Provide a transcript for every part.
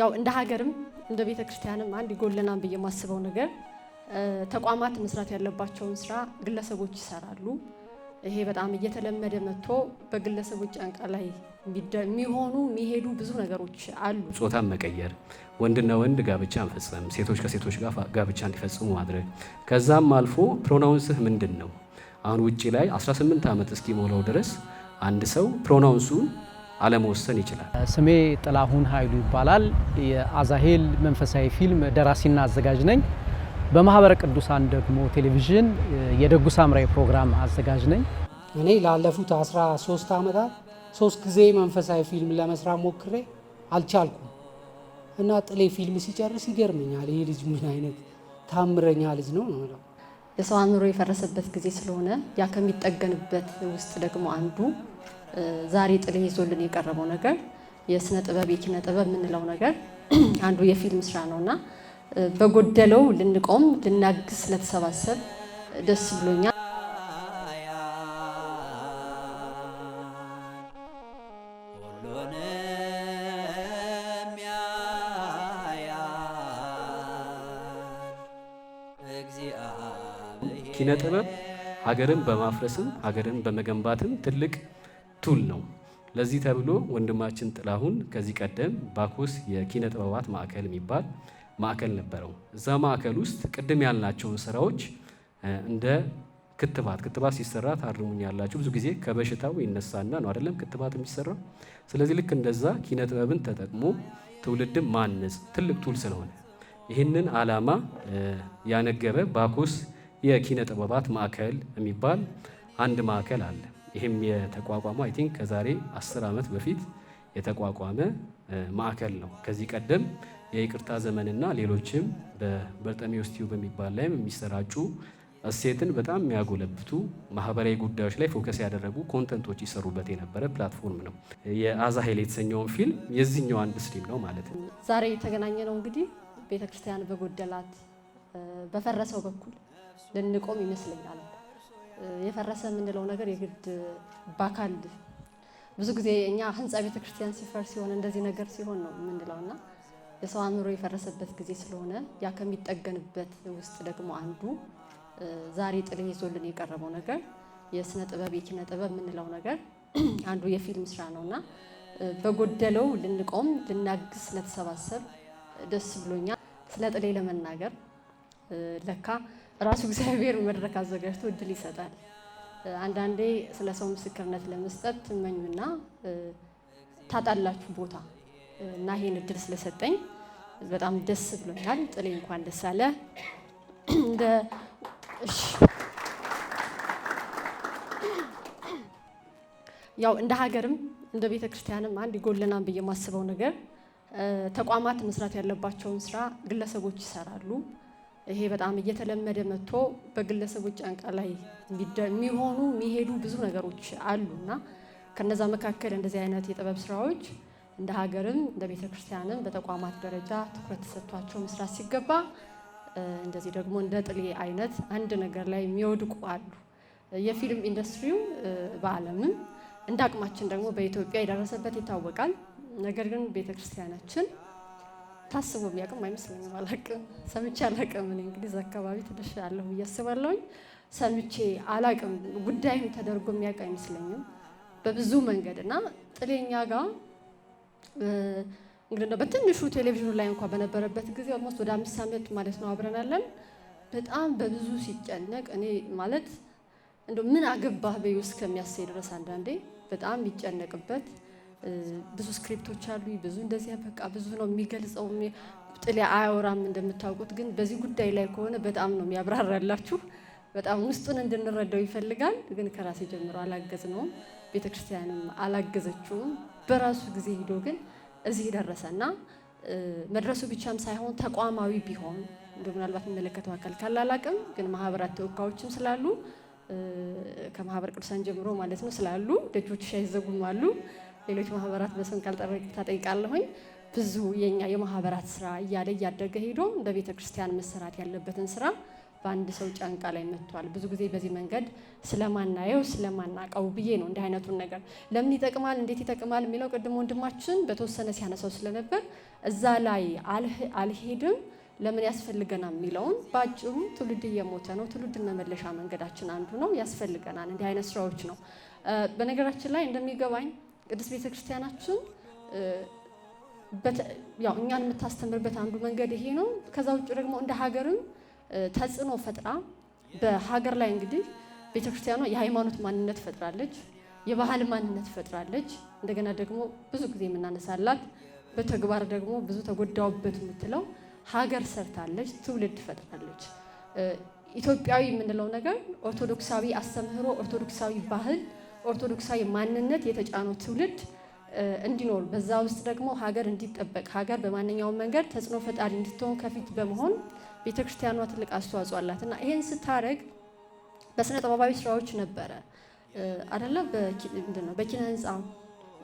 ያው እንደ ሀገርም እንደ ቤተ ክርስቲያንም አንድ ይጎለናን ብዬ የማስበው ነገር ተቋማት መስራት ያለባቸውን ስራ ግለሰቦች ይሰራሉ። ይሄ በጣም እየተለመደ መጥቶ በግለሰቦች ጫንቃ ላይ የሚሆኑ የሚሄዱ ብዙ ነገሮች አሉ። ጾታን መቀየር፣ ወንድና ወንድ ጋብቻ አንፈጽም፣ ሴቶች ከሴቶች ጋር ጋብቻ እንዲፈጽሙ ማድረግ፣ ከዛም አልፎ ፕሮናውንስህ ምንድን ነው? አሁን ውጭ ላይ 18 ዓመት እስኪሞላው ድረስ አንድ ሰው ፕሮናውንሱን አለመወሰን ይችላል። ስሜ ጥላሁን ኃይሉ ይባላል። የአዛሄል መንፈሳዊ ፊልም ደራሲና አዘጋጅ ነኝ። በማህበረ ቅዱሳን ደግሞ ቴሌቪዥን የደጉ ሳምራዊ ፕሮግራም አዘጋጅ ነኝ። እኔ ላለፉት 13 ዓመታት ሶስት ጊዜ መንፈሳዊ ፊልም ለመስራት ሞክሬ አልቻልኩም እና ጥሌ ፊልም ሲጨርስ ይገርመኛል። ይህ ልጅ ምን አይነት ታምረኛ ልጅ ነው ነው ነው የሰው አእምሮ የፈረሰበት ጊዜ ስለሆነ ያ ከሚጠገንበት ውስጥ ደግሞ አንዱ ዛሬ ጥሌ ይዞልን የቀረበው ነገር የስነ ጥበብ የኪነ ጥበብ የምንለው ነገር አንዱ የፊልም ስራ ነው እና በጎደለው ልንቆም ልናግዝ ስለተሰባሰብ ደስ ብሎኛል። ኪነ ጥበብ ሀገርን በማፍረስም ሀገርን በመገንባትም ትልቅ ቱል ነው። ለዚህ ተብሎ ወንድማችን ጥላሁን ከዚህ ቀደም ባኮስ የኪነ ጥበባት ማዕከል የሚባል ማዕከል ነበረው። እዛ ማዕከል ውስጥ ቅድም ያልናቸውን ስራዎች እንደ ክትባት ክትባት ሲሰራ ታርሙኝ ያላችሁ ብዙ ጊዜ ከበሽታው ይነሳና ነው አይደለም ክትባት የሚሰራው። ስለዚህ ልክ እንደዛ ኪነ ጥበብን ተጠቅሞ ትውልድን ማነጽ ትልቅ ቱል ስለሆነ ይህንን ዓላማ ያነገበ ባኮስ የኪነ ጥበባት ማዕከል የሚባል አንድ ማዕከል አለ። ይህም የተቋቋመ አይ ቲንክ ከዛሬ አስር ዓመት በፊት የተቋቋመ ማዕከል ነው። ከዚህ ቀደም የይቅርታ ዘመንና ሌሎችም በበርጠሜዎስ ቲዩብ በሚባል ላይም የሚሰራጩ እሴትን በጣም የሚያጎለብቱ ማህበራዊ ጉዳዮች ላይ ፎከስ ያደረጉ ኮንተንቶች ይሰሩበት የነበረ ፕላትፎርም ነው። የአዛሄል የተሰኘውን ፊልም የዚህኛው አንድ ስትሪም ነው ማለት ነው። ዛሬ የተገናኘ ነው እንግዲህ ቤተክርስቲያን በጎደላት በፈረሰው በኩል ልንቆም ይመስለኛል። የፈረሰ የምንለው ነገር የግድ ባካል ብዙ ጊዜ እኛ ህንፃ ቤተ ክርስቲያን ሲፈርስ ሲሆን እንደዚህ ነገር ሲሆን ነው የምንለው እና የሰው አእምሮ የፈረሰበት ጊዜ ስለሆነ ያ ከሚጠገንበት ውስጥ ደግሞ አንዱ ዛሬ ጥል ይዞልን የቀረበው ነገር የስነ ጥበብ የኪነ ጥበብ የምንለው ነገር አንዱ የፊልም ስራ ነው እና በጎደለው ልንቆም ልናግዝ ስለተሰባሰብ ደስ ብሎኛል። ስለ ጥሌ ለመናገር ለካ ራሱ እግዚአብሔር መድረክ አዘጋጅቶ እድል ይሰጣል። አንዳንዴ ስለ ሰው ምስክርነት ለመስጠት ትመኙና ታጣላችሁ ቦታ እና ይሄን እድል ስለሰጠኝ በጣም ደስ ብሎኛል። ጥሌ እንኳን ደስ አለ። ያው እንደ ሀገርም እንደ ቤተ ክርስቲያንም አንድ ይጎለናል ብዬ የማስበው ነገር ተቋማት መስራት ያለባቸውን ስራ ግለሰቦች ይሰራሉ። ይሄ በጣም እየተለመደ መጥቶ በግለሰቦች ጫንቃ ላይ የሚሆኑ የሚሄዱ ብዙ ነገሮች አሉ እና ከነዛ መካከል እንደዚህ አይነት የጥበብ ስራዎች እንደ ሀገርም እንደ ቤተ ክርስቲያንም በተቋማት ደረጃ ትኩረት ተሰጥቷቸው መስራት ሲገባ እንደዚህ ደግሞ እንደ ጥሌ አይነት አንድ ነገር ላይ የሚወድቁ አሉ። የፊልም ኢንዱስትሪው በዓለምም እንደ አቅማችን ደግሞ በኢትዮጵያ የደረሰበት ይታወቃል። ነገር ግን ቤተ ክርስቲያናችን ታስቦ ቢያውቅም አይመስለኝም። አላውቅም፣ ሰምቼ አላቅም። እኔ እንግዲህ እዛ አካባቢ ትንሽ አለሁ ብዬ አስባለሁኝ። ሰምቼ አላቅም። ጉዳይም ተደርጎ የሚያውቅ አይመስለኝም በብዙ መንገድ እና ጥሌኛ ጋር እንግዲህ በትንሹ ቴሌቪዥኑ ላይ እንኳ በነበረበት ጊዜ ኦልሞስት ወደ አምስት ዓመት ማለት ነው አብረናለን። በጣም በብዙ ሲጨነቅ እኔ ማለት እንደ ምን አገባህ በዩ እስከሚያሳይ ድረስ አንዳንዴ በጣም ይጨነቅበት ብዙ ስክሪፕቶች አሉ፣ ብዙ እንደዚያ በቃ ብዙ ነው የሚገልጸው። ጥሌ አያወራም እንደምታውቁት፣ ግን በዚህ ጉዳይ ላይ ከሆነ በጣም ነው የሚያብራራላችሁ። በጣም ውስጡን እንድንረዳው ይፈልጋል። ግን ከራሴ ጀምሮ አላገዝ ነውም ክርስቲያንም አላገዘችውም። በራሱ ጊዜ ሂዶ ግን እዚህ ደረሰና መድረሱ ብቻም ሳይሆን ተቋማዊ ቢሆን እንደ ምናልባት የሚመለከተው አካል ካላላቅም ግን ማህበራት ተወካዮችም ስላሉ ከማህበር ቅዱሳን ጀምሮ ማለት ነው ስላሉ ደጆች አይዘጉም አሉ ሌሎች ማህበራት በስም ካልጠራ ጠይቃለሁኝ። ብዙ የኛ የማህበራት ስራ እያለ እያደገ ሄዶ እንደ ቤተ ክርስቲያን መሰራት ያለበትን ስራ በአንድ ሰው ጫንቃ ላይ መጥቷል። ብዙ ጊዜ በዚህ መንገድ ስለማናየው ስለማናቀው ብዬ ነው እንዲህ አይነቱን ነገር ለምን ይጠቅማል፣ እንዴት ይጠቅማል የሚለው ቅድም ወንድማችን በተወሰነ ሲያነሳው ስለነበር እዛ ላይ አልሄድም ለምን ያስፈልገናል የሚለውን በአጭሩ ትውልድ እየሞተ ነው። ትውልድ መመለሻ መንገዳችን አንዱ ነው። ያስፈልገናል እንዲህ አይነት ስራዎች ነው። በነገራችን ላይ እንደሚገባኝ ቅድስት ቤተ ክርስቲያናችን ያው እኛን የምታስተምርበት አንዱ መንገድ ይሄ ነው። ከዛ ውጭ ደግሞ እንደ ሀገርም ተጽዕኖ ፈጥራ በሀገር ላይ እንግዲህ ቤተ ክርስቲያኗ የሃይማኖት ማንነት ፈጥራለች፣ የባህል ማንነት ፈጥራለች። እንደገና ደግሞ ብዙ ጊዜ የምናነሳላት በተግባር ደግሞ ብዙ ተጎዳውበት የምትለው ሀገር ሰርታለች፣ ትውልድ ፈጥራለች። ኢትዮጵያዊ የምንለው ነገር ኦርቶዶክሳዊ አስተምህሮ፣ ኦርቶዶክሳዊ ባህል ኦርቶዶክሳዊ ማንነት የተጫኑ ትውልድ እንዲኖር በዛ ውስጥ ደግሞ ሀገር እንዲጠበቅ ሀገር በማንኛውም መንገድ ተጽዕኖ ፈጣሪ እንድትሆን ከፊት በመሆን ቤተክርስቲያኗ ትልቅ አስተዋጽኦ አላት እና ይህን ስታደረግ በስነ ጥበባዊ ስራዎች ነበረ አደለ በኪነ ህንፃ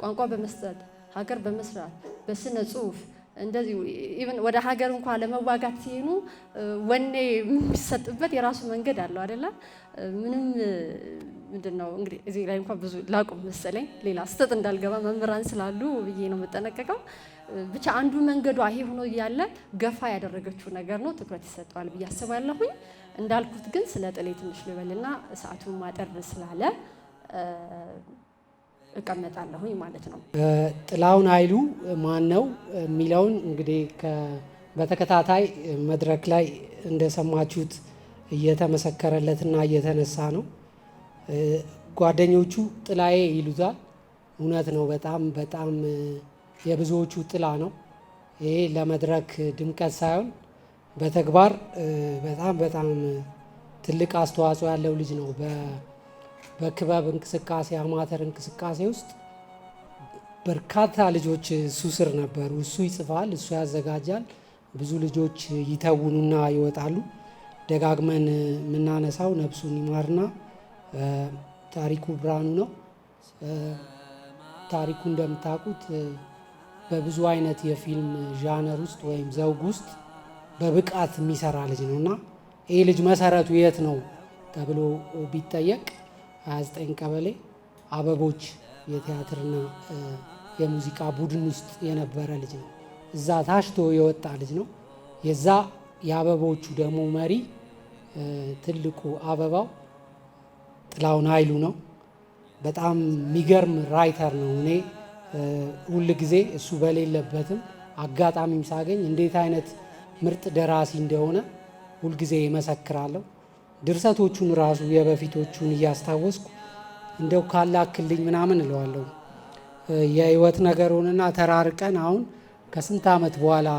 ቋንቋ በመስጠት ሀገር በመስራት በስነ ጽሁፍ እንደዚህ ኢቨን ወደ ሀገር እንኳን ለመዋጋት ሲሄኑ ወኔ የሚሰጥበት የራሱ መንገድ አለው አደለ ምንም ምንድን ነው እንግዲህ እዚህ ላይ እንኳ ብዙ ላቁም መሰለኝ፣ ሌላ ስህተት እንዳልገባ መምህራን ስላሉ ብዬ ነው የምጠነቀቀው። ብቻ አንዱ መንገዷ ይሄ ሆኖ እያለ ገፋ ያደረገችው ነገር ነው፣ ትኩረት ይሰጠዋል ብዬ አስባለሁኝ። እንዳልኩት ግን ስለ ጥሌ ትንሽ ልበልና ሰዓቱን ማጠር ስላለ እቀመጣለሁኝ ማለት ነው። ጥላውን ኃይሉ ማን ነው የሚለውን እንግዲህ በተከታታይ መድረክ ላይ እንደሰማችሁት እየተመሰከረለትና እየተነሳ ነው። ጓደኞቹ ጥላዬ ይሉታል። እውነት ነው። በጣም በጣም የብዙዎቹ ጥላ ነው። ይሄ ለመድረክ ድምቀት ሳይሆን በተግባር በጣም በጣም ትልቅ አስተዋጽኦ ያለው ልጅ ነው። በክበብ እንቅስቃሴ አማተር እንቅስቃሴ ውስጥ በርካታ ልጆች እሱ ስር ነበሩ። እሱ ይጽፋል፣ እሱ ያዘጋጃል። ብዙ ልጆች ይተውኑና ይወጣሉ። ደጋግመን የምናነሳው ነፍሱን ይማርና ታሪኩ ብርሃኑ ነው። ታሪኩ እንደምታውቁት በብዙ አይነት የፊልም ዣነር ውስጥ ወይም ዘውግ ውስጥ በብቃት የሚሰራ ልጅ ነው እና ይህ ልጅ መሰረቱ የት ነው ተብሎ ቢጠየቅ 29 ቀበሌ አበቦች የቲያትርና የሙዚቃ ቡድን ውስጥ የነበረ ልጅ ነው። እዛ ታሽቶ የወጣ ልጅ ነው። የዛ የአበቦቹ ደግሞ መሪ ትልቁ አበባው ጥላሁን ኃይሉ ነው። በጣም የሚገርም ራይተር ነው። እኔ ሁል ጊዜ እሱ በሌለበትም አጋጣሚም ሳገኝ እንዴት አይነት ምርጥ ደራሲ እንደሆነ ሁልጊዜ ይመሰክራለሁ። ድርሰቶቹን ራሱ የበፊቶቹን እያስታወስኩ እንደው ካላክልኝ ምናምን እለዋለሁ። የህይወት ነገር ሆነና ተራርቀን አሁን ከስንት ዓመት በኋላ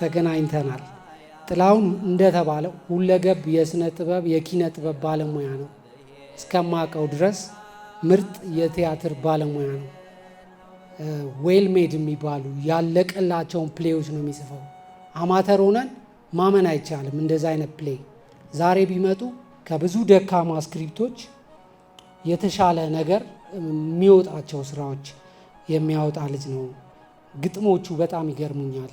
ተገናኝተናል። ጥላሁን እንደተባለው ሁለገብ የስነ ጥበብ የኪነ ጥበብ ባለሙያ ነው። እስከማውቀው ድረስ ምርጥ የቲያትር ባለሙያ ነው። ዌልሜድ ሜድ የሚባሉ ያለቀላቸውን ፕሌዎች ነው የሚጽፈው። አማተር ሆነን ማመን አይቻልም። እንደዚ አይነት ፕሌይ ዛሬ ቢመጡ ከብዙ ደካማ ስክሪፕቶች የተሻለ ነገር የሚወጣቸው ስራዎች የሚያወጣ ልጅ ነው። ግጥሞቹ በጣም ይገርሙኛል።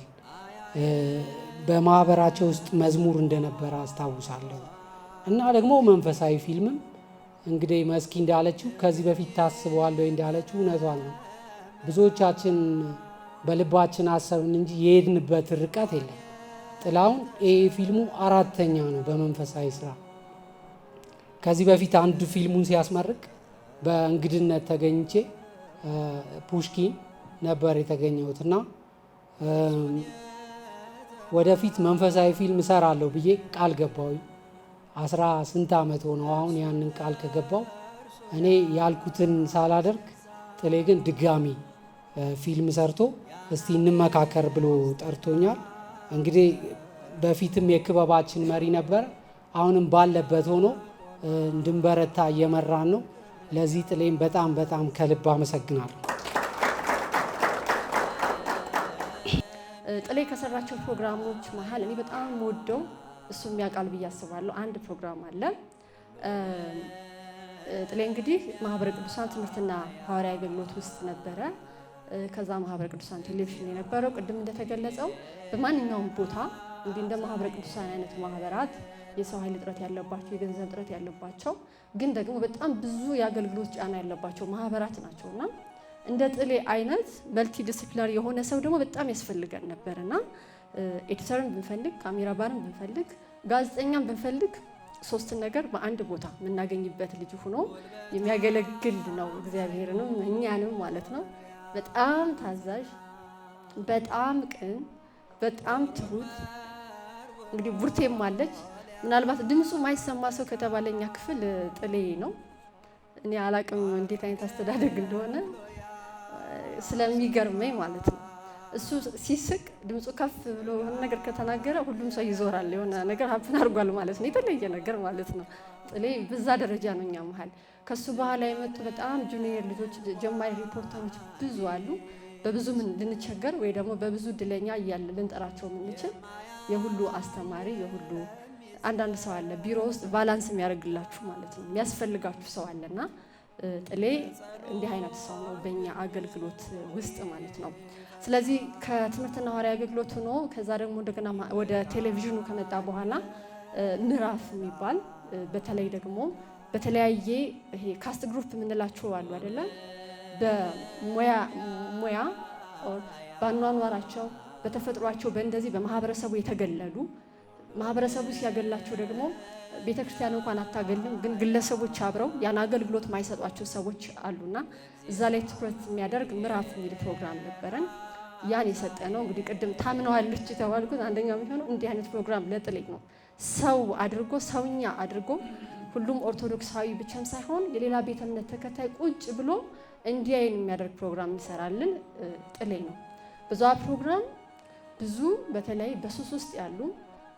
በማህበራቸው ውስጥ መዝሙር እንደነበረ አስታውሳለሁ። እና ደግሞ መንፈሳዊ ፊልምም እንግዲህ መስኪ እንዳለችው ከዚህ በፊት ታስበዋል ወይ እንዳለችው እውነቷ ነው። ብዙዎቻችን በልባችን አሰብን እንጂ የሄድንበት ርቀት የለም። ጥላሁን ይህ ፊልሙ አራተኛ ነው በመንፈሳዊ ስራ። ከዚህ በፊት አንድ ፊልሙን ሲያስመርቅ በእንግድነት ተገኝቼ ፑሽኪን ነበር የተገኘሁት እና ወደፊት መንፈሳዊ ፊልም እሰራለሁ ብዬ ቃል ገባው። አስራ ስንት ዓመት ሆነው አሁን ያንን ቃል ከገባው እኔ ያልኩትን ሳላደርግ ጥሌ ግን ድጋሚ ፊልም ሰርቶ እስቲ እንመካከር ብሎ ጠርቶኛል። እንግዲህ በፊትም የክበባችን መሪ ነበር። አሁንም ባለበት ሆኖ እንድንበረታ እየመራን ነው። ለዚህ ጥሌም በጣም በጣም ከልብ አመሰግናለሁ። ጥሌ ከሰራቸው ፕሮግራሞች መሀል እኔ በጣም ወደው እሱ የሚያውቃል ብዬ አስባለሁ። አንድ ፕሮግራም አለ። ጥሌ እንግዲህ ማህበረ ቅዱሳን ትምህርትና ሐዋርያዊ አገልግሎት ውስጥ ነበረ። ከዛ ማህበረ ቅዱሳን ቴሌቪዥን የነበረው ቅድም እንደተገለጸው በማንኛውም ቦታ እንዲህ እንደ ማህበረ ቅዱሳን አይነት ማህበራት የሰው ኃይል እጥረት ያለባቸው፣ የገንዘብ እጥረት ያለባቸው ግን ደግሞ በጣም ብዙ የአገልግሎት ጫና ያለባቸው ማህበራት ናቸውና እንደ ጥሌ አይነት መልቲ ዲስፕሊናሪ የሆነ ሰው ደግሞ በጣም ያስፈልገን ነበር እና ኤዲተርን ብንፈልግ፣ ካሜራ ባርን ብንፈልግ፣ ጋዜጠኛን ብንፈልግ ሶስትን ነገር በአንድ ቦታ የምናገኝበት ልጅ ሆኖ የሚያገለግል ነው። እግዚአብሔርንም እኛንም ማለት ነው። በጣም ታዛዥ፣ በጣም ቅን፣ በጣም ትሁት። እንግዲህ ቡርቴም አለች። ምናልባት ድምፁ ማይሰማ ሰው ከተባለኛ ክፍል ጥሌ ነው። እኔ አላቅም እንዴት አይነት አስተዳደግ እንደሆነ ስለሚገርመኝ ማለት ነው። እሱ ሲስቅ ድምፁ ከፍ ብሎ የሆነ ነገር ከተናገረ ሁሉም ሰው ይዞራል። የሆነ ነገር ሀፍን አድርጓል ማለት ነው፣ የተለየ ነገር ማለት ነው። ጥሌ በዛ ደረጃ ነው እኛ መሀል። ከሱ በኋላ የመጡ በጣም ጁኒየር ልጆች፣ ጀማሪ ሪፖርተሮች ብዙ አሉ። በብዙ ልንቸገር ወይ ደግሞ በብዙ እድለኛ እያለ ልንጠራቸው የምንችል የሁሉ አስተማሪ የሁሉ አንዳንድ ሰው አለ ቢሮ ውስጥ ባላንስ የሚያደርግላችሁ ማለት ነው የሚያስፈልጋችሁ ሰው አለና ጥሌ እንዲህ አይነት ሰው ነው በእኛ አገልግሎት ውስጥ ማለት ነው። ስለዚህ ከትምህርትና ሐዋርያዊ አገልግሎት ሆኖ ከዛ ደግሞ እንደገና ወደ ቴሌቪዥኑ ከመጣ በኋላ ምዕራፍ የሚባል በተለይ ደግሞ በተለያየ ይሄ ካስት ግሩፕ የምንላቸው አሉ አይደለም። በሙያ ሙያ በአኗኗራቸው በተፈጥሯቸው በእንደዚህ በማህበረሰቡ የተገለሉ ማህበረሰቡ ሲያገላቸው ደግሞ ቤተ ክርስቲያን እንኳን አታገልም፣ ግን ግለሰቦች አብረው ያን አገልግሎት ማይሰጧቸው ሰዎች አሉና እዛ ላይ ትኩረት የሚያደርግ ምዕራፍ የሚል ፕሮግራም ነበረን። ያን የሰጠ ነው እንግዲህ ቅድም ታምነዋለች የተባልኩት አንደኛው የሚሆነው እንዲህ አይነት ፕሮግራም ለጥልኝ ነው። ሰው አድርጎ ሰውኛ አድርጎ ሁሉም ኦርቶዶክሳዊ ብቻም ሳይሆን የሌላ ቤተ እምነት ተከታይ ቁጭ ብሎ እንዲያይን የሚያደርግ ፕሮግራም እንሰራለን። ጥልኝ ነው በዛ ፕሮግራም ብዙ በተለይ በሱስ ውስጥ ያሉ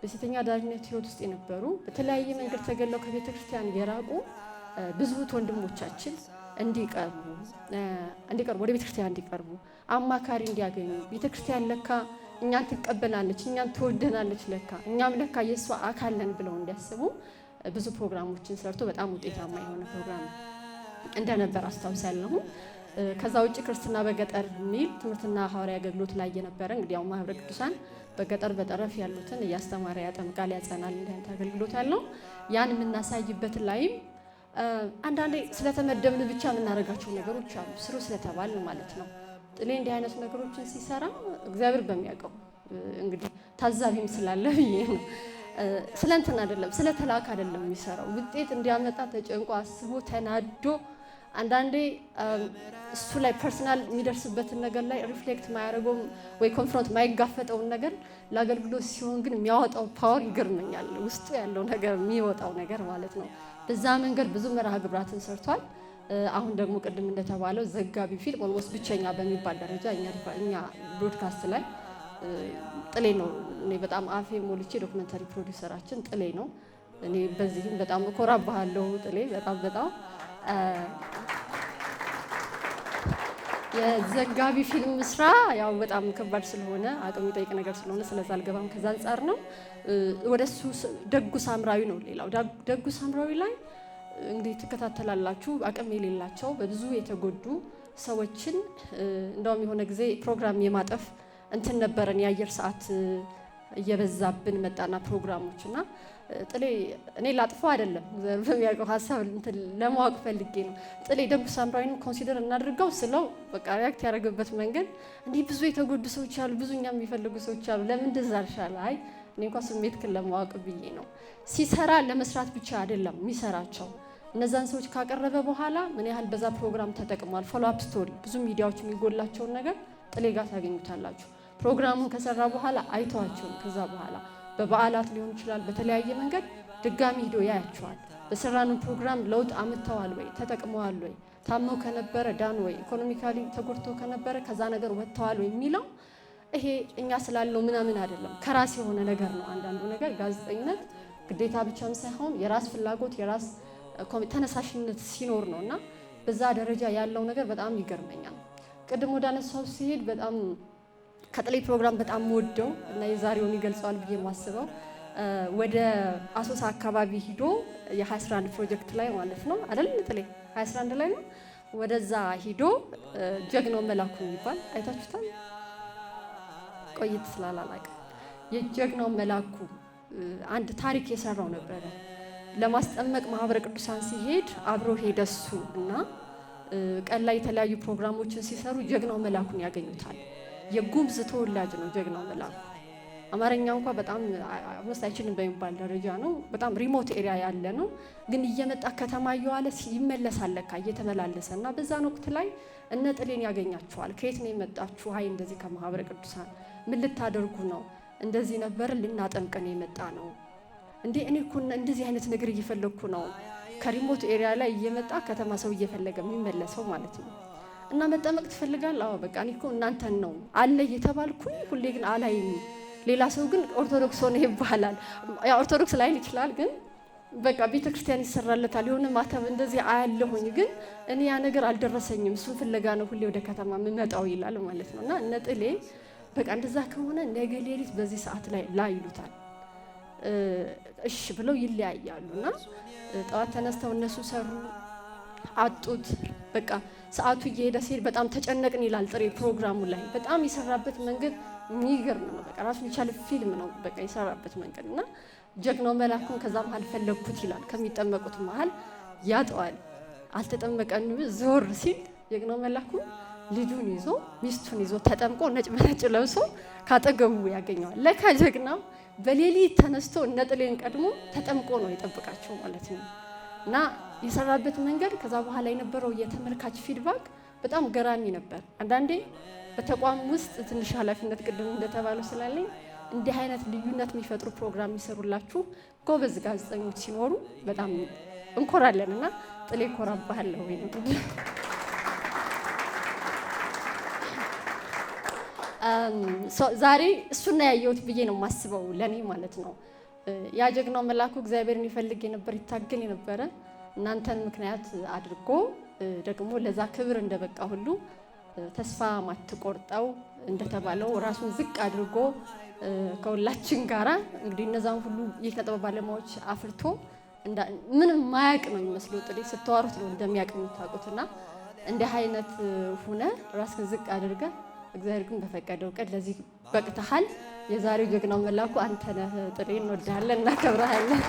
በሴተኛ አዳሪነት ህይወት ውስጥ የነበሩ በተለያየ መንገድ ተገለው ከቤተ ክርስቲያን የራቁ ብዙ ወንድሞቻችን እንዲቀርቡ እንዲቀርቡ ወደ ቤተ ክርስቲያን እንዲቀርቡ አማካሪ እንዲያገኙ ቤተ ክርስቲያን ለካ እኛን ትቀበላለች፣ እኛን ትወደናለች፣ ለካ እኛም ለካ የእሷ አካል ነን ብለው እንዲያስቡ ብዙ ፕሮግራሞችን ሰርቶ በጣም ውጤታማ የሆነ ፕሮግራም እንደነበር አስታውሳለሁ። ከዛ ውጭ ክርስትና በገጠር የሚል ትምህርትና ሐዋርያዊ አገልግሎት ላይ የነበረ እንግዲህ ያው ማህበረ ቅዱሳን በገጠር በጠረፍ ያሉትን እያስተማረ ያጠምቃል፣ ያጸናል። አገልግሎት ያለው ያን የምናሳይበት ላይም አንዳንዴ ስለተመደብን ብቻ የምናደርጋቸው ነገሮች አሉ፣ ስሩ ስለተባል ማለት ነው። ጥሌ እንዲህ አይነት ነገሮችን ሲሰራ እግዚአብሔር በሚያውቀው እንግዲህ ታዛቢም ስላለ ብዬ ነው። ስለ እንትን አይደለም፣ ስለ ተላክ አይደለም የሚሰራው ውጤት እንዲያመጣ ተጨንቆ አስቦ ተናዶ አንዳንዴ እሱ ላይ ፐርሰናል የሚደርስበትን ነገር ላይ ሪፍሌክት ማያደርገውም ወይ ኮንፍሮንት ማይጋፈጠውን ነገር ለአገልግሎት ሲሆን ግን የሚያወጣው ፓወር ይገርመኛል። ውስጡ ያለው ነገር የሚወጣው ነገር ማለት ነው። በዛ መንገድ ብዙ መርሃ ግብራትን ሰርቷል። አሁን ደግሞ ቅድም እንደተባለው ዘጋቢ ፊልም ኦልሞስት ብቸኛ በሚባል ደረጃ እኛ ብሮድካስት ላይ ጥሌ ነው። እኔ በጣም አፌ ሞልቼ ዶክመንተሪ ፕሮዲውሰራችን ጥሌ ነው። እኔ በዚህም በጣም እኮራባለሁ። ጥሌ በጣም በጣም የዘጋቢ ፊልም ስራ ያው በጣም ከባድ ስለሆነ አቅም የሚጠይቅ ነገር ስለሆነ ስለዛ አልገባም። ከዛ አንጻር ነው ወደሱ። ደጉ ሳምራዊ ነው ሌላው። ደጉ ሳምራዊ ላይ እንግዲህ ትከታተላላችሁ። አቅም የሌላቸው በብዙ የተጎዱ ሰዎችን እንደውም የሆነ ጊዜ ፕሮግራም የማጠፍ እንትን ነበረን የአየር ሰዓት እየበዛብን መጣና ፕሮግራሞች እና ጥሌ እኔ ላጥፎ አይደለም በሚያውቀው ሀሳብ ለማወቅ ፈልጌ ነው። ጥሌ ደንብ ሳምራዊን ኮንሲደር እናድርገው ስለው በቃ ሪያክት ያደረገበት መንገድ እንዲህ ብዙ የተጎዱ ሰዎች አሉ፣ ብዙ እኛ የሚፈልጉ ሰዎች አሉ። ለምን እንደዛ አልሻለ? አይ እኔ እንኳ ስሜት ክን ለማወቅ ብዬ ነው። ሲሰራ ለመስራት ብቻ አይደለም የሚሰራቸው እነዛን ሰዎች ካቀረበ በኋላ ምን ያህል በዛ ፕሮግራም ተጠቅሟል፣ ፎሎአፕ ስቶሪ፣ ብዙ ሚዲያዎች የሚጎላቸውን ነገር ጥሌ ጋር ታገኙታላችሁ። ፕሮግራሙን ከሰራ በኋላ አይተዋቸውም። ከዛ በኋላ በበዓላት ሊሆን ይችላል፣ በተለያየ መንገድ ድጋሚ ሂዶ ያያቸዋል። በሰራን ፕሮግራም ለውጥ አምጥተዋል ወይ፣ ተጠቅመዋል ወይ፣ ታመው ከነበረ ዳን ወይ፣ ኢኮኖሚካሊ ተጎድተው ከነበረ ከዛ ነገር ወጥተዋል ወይ የሚለው ይሄ እኛ ስላለው ምናምን አይደለም፣ ከራስ የሆነ ነገር ነው። አንዳንዱ ነገር ጋዜጠኝነት ግዴታ ብቻም ሳይሆን የራስ ፍላጎት የራስ ተነሳሽነት ሲኖር ነው እና በዛ ደረጃ ያለው ነገር በጣም ይገርመኛል። ቅድም ወደ ሲሄድ በጣም ከጥላይ ፕሮግራም በጣም ወደው እና የዛሬውን ይገልጸዋል ብዬ የማስበው ወደ አሶሳ አካባቢ ሂዶ የ21 ፕሮጀክት ላይ ማለት ነው አይደል? ጥላይ 21 ላይ ነው። ወደዛ ሂዶ ጀግናው መላኩ የሚባል አይታችሁታል? ቆይት ስላላላቀ የጀግናው መላኩ አንድ ታሪክ የሰራው ነበረ። ለማስጠመቅ ማህበረ ቅዱሳን ሲሄድ አብሮ ሄደ እሱ እና ቀን ላይ የተለያዩ ፕሮግራሞችን ሲሰሩ ጀግናው መላኩን ያገኙታል። የጉምዝ ተወላጅ ነው ጀግናው መላኩ። አማርኛ እንኳ በጣም ስ አይችልም በሚባል ደረጃ ነው። በጣም ሪሞት ኤሪያ ያለ ነው፣ ግን እየመጣ ከተማ እየዋለ ይመለሳለካ እየተመላለሰ እና በዛን ወቅት ላይ እነ ጥሌን ያገኛችኋል። ከየት ነው የመጣችሁ? ሀይ እንደዚህ ከማህበረ ቅዱሳን ምን ልታደርጉ ነው? እንደዚህ ነበር ልናጠምቅ ነው የመጣ ነው እንዴ? እኔ እኮ እንደዚህ አይነት ነገር እየፈለግኩ ነው። ከሪሞት ኤሪያ ላይ እየመጣ ከተማ ሰው እየፈለገ የሚመለሰው ማለት ነው። እና መጠመቅ ትፈልጋል አዎ በቃ እኔ እኮ እናንተን ነው አለ እየተባልኩኝ ሁሌ ግን አላይም። ሌላ ሰው ግን ኦርቶዶክስ ሆነ ይባላል። ያ ኦርቶዶክስ ላይል ይችላል ግን በቃ ቤተ ክርስቲያን ይሰራለታል። የሆነ ማተብ እንደዚህ አያለሁኝ፣ ግን እኔ ያ ነገር አልደረሰኝም። እሱን ፍለጋ ነው ሁሌ ወደ ከተማ የምመጣው ይላል ማለት ነው። እና እነ ጥሌ በቃ እንደዛ ከሆነ ነገ ሌሊት በዚህ ሰዓት ላይ ላ ይሉታል። እሺ ብለው ይለያያሉ። እና ጠዋት ተነስተው እነሱ ሰሩ አጡት በቃ ሰዓቱ እየሄደ ሲሄድ በጣም ተጨነቅን ይላል ጥሬ ፕሮግራሙ ላይ በጣም የሰራበት መንገድ የሚገርም ነው። በቃ ራሱ የቻለ ፊልም ነው በቃ የሰራበት መንገድ እና ጀግናው መላኩን ከዛ መሀል ፈለግኩት ይላል። ከሚጠመቁት መሀል ያጠዋል። አልተጠመቀን ዞር ሲል ጀግናው መላኩ ልጁን ይዞ ሚስቱን ይዞ ተጠምቆ ነጭ በነጭ ለብሶ ካጠገቡ ያገኘዋል። ለካ ጀግናው በሌሊት ተነስቶ ነጥሌን ቀድሞ ተጠምቆ ነው የጠብቃቸው ማለት ነው። እና የሰራበት መንገድ ከዛ በኋላ የነበረው የተመልካች ፊድባክ በጣም ገራሚ ነበር። አንዳንዴ በተቋም ውስጥ ትንሽ ኃላፊነት ቅድም እንደተባለው ስላለኝ እንዲህ አይነት ልዩነት የሚፈጥሩ ፕሮግራም የሚሰሩላችሁ ጎበዝ ጋዜጠኞች ሲኖሩ በጣም እንኮራለን እና ጥሌ ኮራባለሁ ወይ ዛሬ እሱና ያየሁት ብዬ ነው የማስበው ለእኔ ማለት ነው። ያ ጀግናው መልአኩ እግዚአብሔርን ይፈልግ የነበር ይታገል የነበረ እናንተን ምክንያት አድርጎ ደግሞ ለዛ ክብር እንደበቃ ሁሉ ተስፋ ማትቆርጠው እንደተባለው ራሱን ዝቅ አድርጎ ከሁላችን ጋራ እንግዲህ እነዛን ሁሉ የኪነጥበብ ባለሙያዎች አፍርቶ ምንም ማያቅ ነው የሚመስለው። ጥሪ ስተዋሩት ነው እንደሚያቅ የምታውቁትና እንዲህ አይነት ሁነ ራስን ዝቅ አድርገ እግዚአብሔር ግን በፈቀደው ቀን ለዚህ በቅተሃል። የዛሬው ጀግናው መላኩ አንተ ነህ። ጥሪ እንወድሃለን፣ እናከብረሃለን።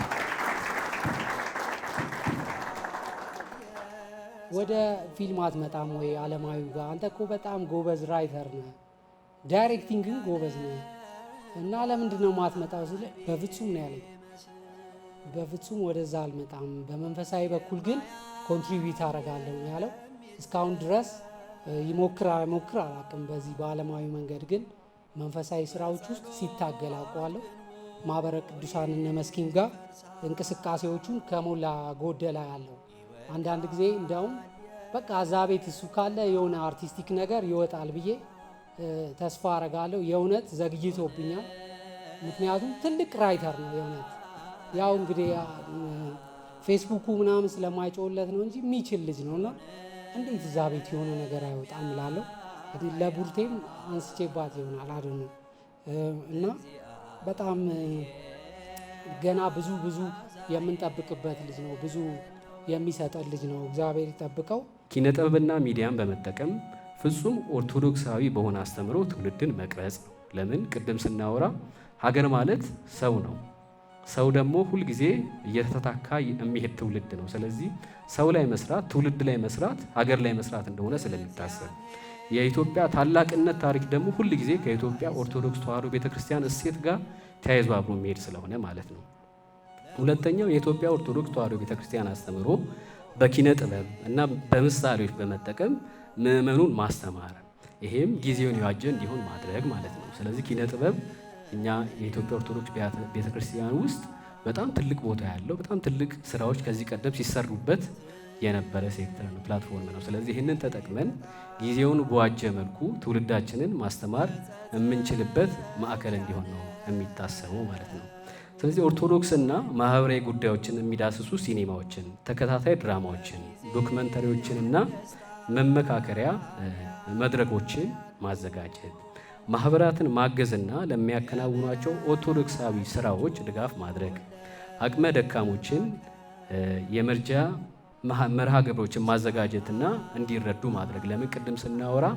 ወደ ፊልም አትመጣም ወይ አለማዊ ጋር? አንተ እኮ በጣም ጎበዝ ራይተር ነህ፣ ዳይሬክቲንግ ጎበዝ ነህ እና ለምንድን ነው ማትመጣው ስል በፍጹም ነው ያለኝ። በፍጹም ወደዛ አልመጣም፣ በመንፈሳዊ በኩል ግን ኮንትሪቢዩት አደርጋለሁ ያለው እስካሁን ድረስ ይሞክር አይሞክር አላቅም። በዚህ በዓለማዊ መንገድ ግን መንፈሳዊ ስራዎች ውስጥ ሲታገል አውቀዋለሁ። ማህበረ እነ መስኪን ጋር እንቅስቃሴዎቹን ከሞላ ጎደላ ያለው አንዳንድ ጊዜ እንዲያውም በቃ እዛ ቤት እሱ ካለ የሆነ አርቲስቲክ ነገር ይወጣል ብዬ ተስፋ አረጋለሁ። የእውነት ዘግይቶብኛል። ምክንያቱም ትልቅ ራይተር ነው። የእውነት ያው እንግዲህ ፌስቡኩ ምናምን ስለማይጮውለት ነው እንጂ የሚችል ልጅ ነው እና እንዴት እዛ ቤት የሆነ ነገር አይወጣም እላለሁ። እንግዲህ ለቡርቴም አንስቼባት ይሆናል አድነ እና በጣም ገና ብዙ ብዙ የምንጠብቅበት ልጅ ነው። ብዙ የሚሰጠን ልጅ ነው። እግዚአብሔር ይጠብቀው። ኪነጥበብና ሚዲያን በመጠቀም ፍጹም ኦርቶዶክሳዊ በሆነ አስተምሮ ትውልድን መቅረጽ ነው። ለምን ቅድም ስናወራ ሀገር ማለት ሰው ነው። ሰው ደግሞ ሁልጊዜ እየተተካካ የሚሄድ ትውልድ ነው። ስለዚህ ሰው ላይ መስራት፣ ትውልድ ላይ መስራት፣ ሀገር ላይ መስራት እንደሆነ ስለሚታሰብ የኢትዮጵያ ታላቅነት ታሪክ ደግሞ ሁልጊዜ ከኢትዮጵያ ኦርቶዶክስ ተዋሕዶ ቤተክርስቲያን እሴት ጋር ተያይዞ አብሮ የሚሄድ ስለሆነ ማለት ነው። ሁለተኛው የኢትዮጵያ ኦርቶዶክስ ተዋሕዶ ቤተክርስቲያን አስተምህሮ በኪነ ጥበብ እና በምሳሌዎች በመጠቀም ምዕመኑን ማስተማር፣ ይሄም ጊዜውን የዋጀ እንዲሆን ማድረግ ማለት ነው። ስለዚህ ኪነ ጥበብ እኛ የኢትዮጵያ ኦርቶዶክስ ቤተክርስቲያን ውስጥ በጣም ትልቅ ቦታ ያለው በጣም ትልቅ ስራዎች ከዚህ ቀደም ሲሰሩበት የነበረ ሴክተር ነው፣ ፕላትፎርም ነው። ስለዚህ ይህንን ተጠቅመን ጊዜውን በዋጀ መልኩ ትውልዳችንን ማስተማር የምንችልበት ማዕከል እንዲሆን ነው የሚታሰበው ማለት ነው። ስለዚህ ኦርቶዶክስና ማህበራዊ ጉዳዮችን የሚዳስሱ ሲኔማዎችን፣ ተከታታይ ድራማዎችን፣ ዶክመንተሪዎችንና መመካከሪያ መድረኮችን ማዘጋጀት ማህበራትን ማገዝና ለሚያከናውኗቸው ኦርቶዶክሳዊ ስራዎች ድጋፍ ማድረግ፣ አቅመ ደካሞችን የመርጃ መርሃ ግብሮችን ማዘጋጀትና እንዲረዱ ማድረግ። ለምን ቅድም ስናወራ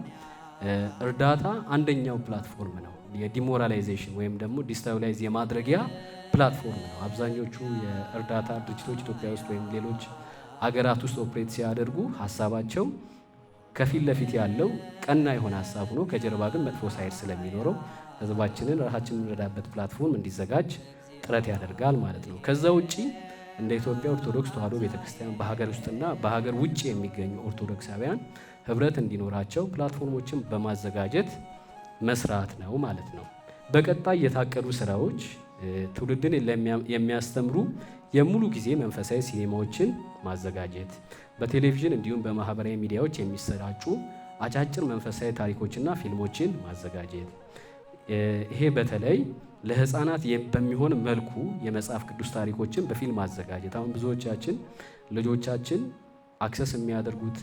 እርዳታ አንደኛው ፕላትፎርም ነው፣ የዲሞራላይዜሽን ወይም ደግሞ ዲስታብላይዝ የማድረጊያ ፕላትፎርም ነው። አብዛኞቹ የእርዳታ ድርጅቶች ኢትዮጵያ ውስጥ ወይም ሌሎች አገራት ውስጥ ኦፕሬት ሲያደርጉ ሀሳባቸው ከፊት ለፊት ያለው ቀና የሆነ ሀሳብ ሆኖ ከጀርባ ግን መጥፎ ሳይድ ስለሚኖረው ህዝባችንን ራሳችን የምንረዳበት ፕላትፎርም እንዲዘጋጅ ጥረት ያደርጋል ማለት ነው። ከዛ ውጪ እንደ ኢትዮጵያ ኦርቶዶክስ ተዋሕዶ ቤተክርስቲያን በሀገር ውስጥና በሀገር ውጭ የሚገኙ ኦርቶዶክሳውያን ህብረት እንዲኖራቸው ፕላትፎርሞችን በማዘጋጀት መስራት ነው ማለት ነው። በቀጣይ የታቀዱ ስራዎች ትውልድን የሚያስተምሩ የሙሉ ጊዜ መንፈሳዊ ሲኔማዎችን ማዘጋጀት በቴሌቪዥን እንዲሁም በማህበራዊ ሚዲያዎች የሚሰራጩ አጫጭር መንፈሳዊ ታሪኮችና ፊልሞችን ማዘጋጀት። ይሄ በተለይ ለህፃናት በሚሆን መልኩ የመጽሐፍ ቅዱስ ታሪኮችን በፊልም ማዘጋጀት። አሁን ብዙዎቻችን ልጆቻችን አክሰስ የሚያደርጉት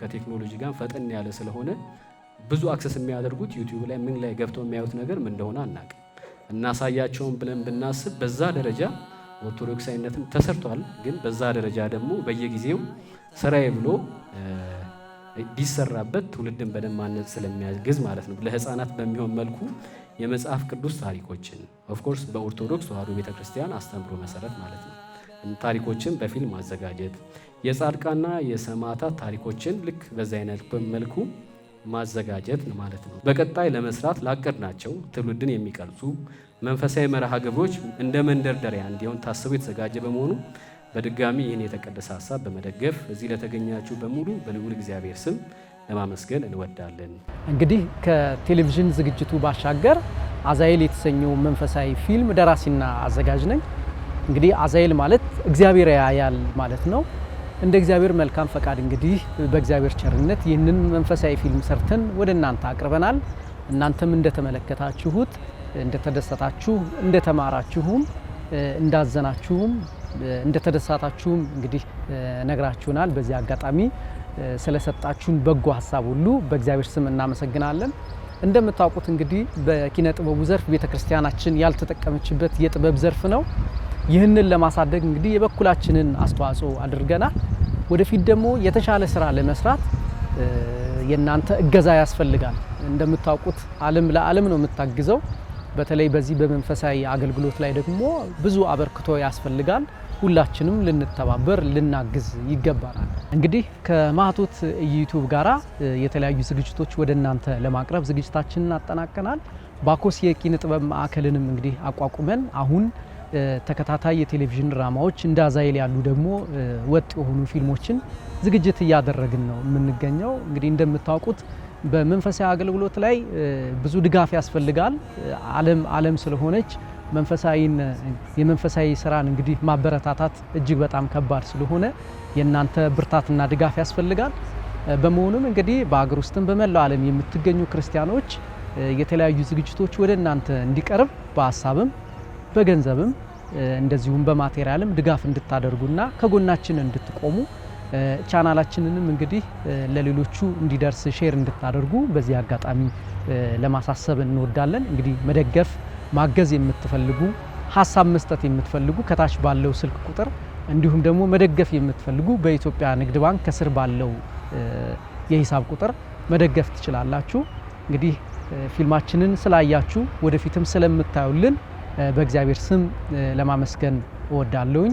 ከቴክኖሎጂ ጋር ፈጠን ያለ ስለሆነ ብዙ አክሰስ የሚያደርጉት ዩቲዩብ ላይ ምን ላይ ገብተው የሚያዩት ነገር ምን እንደሆነ እናሳያቸውን ብለን ብናስብ በዛ ደረጃ ኦርቶዶክሳዊነትም ተሰርቷል። ግን በዛ ደረጃ ደግሞ በየጊዜው ስራዬ ብሎ ቢሰራበት ትውልድን በደንብ ማነጽ ስለሚያግዝ ማለት ነው። ለህፃናት በሚሆን መልኩ የመጽሐፍ ቅዱስ ታሪኮችን ኦፍኮርስ በኦርቶዶክስ ተዋህዶ ቤተክርስቲያን አስተምሮ መሰረት ማለት ነው ታሪኮችን በፊልም ማዘጋጀት የጻድቃና የሰማዕታት ታሪኮችን ልክ በዛ አይነት መልኩ ማዘጋጀት ማለት ነው። በቀጣይ ለመስራት ላቀድናቸው ትውልድን የሚቀርጹ መንፈሳዊ መርሃ ግብሮች እንደ መንደርደሪያ እንዲሆን ታስቦ የተዘጋጀ በመሆኑ በድጋሚ ይህን የተቀደሰ ሀሳብ በመደገፍ እዚህ ለተገኛችሁ በሙሉ በልዑል እግዚአብሔር ስም ለማመስገን እንወዳለን። እንግዲህ ከቴሌቪዥን ዝግጅቱ ባሻገር አዛኤል የተሰኘው መንፈሳዊ ፊልም ደራሲና አዘጋጅ ነኝ። እንግዲህ አዛኤል ማለት እግዚአብሔር ያያል ማለት ነው። እንደ እግዚአብሔር መልካም ፈቃድ እንግዲህ በእግዚአብሔር ቸርነት ይህንን መንፈሳዊ ፊልም ሰርተን ወደ እናንተ አቅርበናል። እናንተም እንደተመለከታችሁት፣ እንደተደሰታችሁ፣ እንደተማራችሁም፣ እንዳዘናችሁም እንደተደሳታችሁም እንግዲህ ነግራችሁናል። በዚህ አጋጣሚ ስለሰጣችሁን በጎ ሀሳብ ሁሉ በእግዚአብሔር ስም እናመሰግናለን። እንደምታውቁት እንግዲህ በኪነ ጥበቡ ዘርፍ ቤተ ክርስቲያናችን ያልተጠቀመችበት የጥበብ ዘርፍ ነው። ይህንን ለማሳደግ እንግዲህ የበኩላችንን አስተዋጽኦ አድርገናል። ወደፊት ደግሞ የተሻለ ስራ ለመስራት የእናንተ እገዛ ያስፈልጋል። እንደምታውቁት ዓለም ለዓለም ነው የምታግዘው። በተለይ በዚህ በመንፈሳዊ አገልግሎት ላይ ደግሞ ብዙ አበርክቶ ያስፈልጋል። ሁላችንም ልንተባበር ልናግዝ ይገባናል። እንግዲህ ከማህቶት ዩቱብ ጋራ የተለያዩ ዝግጅቶች ወደ እናንተ ለማቅረብ ዝግጅታችንን አጠናቀናል። ባኮስ የኪነ ጥበብ ማዕከልንም እንግዲህ አቋቁመን አሁን ተከታታይ የቴሌቪዥን ድራማዎች እንደ አዛይል ያሉ ደግሞ ወጥ የሆኑ ፊልሞችን ዝግጅት እያደረግን ነው የምንገኘው። እንግዲህ እንደምታውቁት በመንፈሳዊ አገልግሎት ላይ ብዙ ድጋፍ ያስፈልጋል። ዓለም ዓለም ስለሆነች መንፈሳዊን የመንፈሳዊ ስራን እንግዲህ ማበረታታት እጅግ በጣም ከባድ ስለሆነ የእናንተ ብርታትና ድጋፍ ያስፈልጋል። በመሆኑም እንግዲህ በአገር ውስጥም በመላው ዓለም የምትገኙ ክርስቲያኖች የተለያዩ ዝግጅቶች ወደ እናንተ እንዲቀርብ በሀሳብም በገንዘብም እንደዚሁም በማቴሪያልም ድጋፍ እንድታደርጉና ከጎናችን እንድትቆሙ ቻናላችንንም እንግዲህ ለሌሎቹ እንዲደርስ ሼር እንድታደርጉ በዚህ አጋጣሚ ለማሳሰብ እንወዳለን። እንግዲህ መደገፍ ማገዝ የምትፈልጉ ሀሳብ መስጠት የምትፈልጉ ከታች ባለው ስልክ ቁጥር እንዲሁም ደግሞ መደገፍ የምትፈልጉ በኢትዮጵያ ንግድ ባንክ ከስር ባለው የሂሳብ ቁጥር መደገፍ ትችላላችሁ። እንግዲህ ፊልማችንን ስላያችሁ ወደፊትም ስለምታዩልን በእግዚአብሔር ስም ለማመስገን እወዳለሁኝ።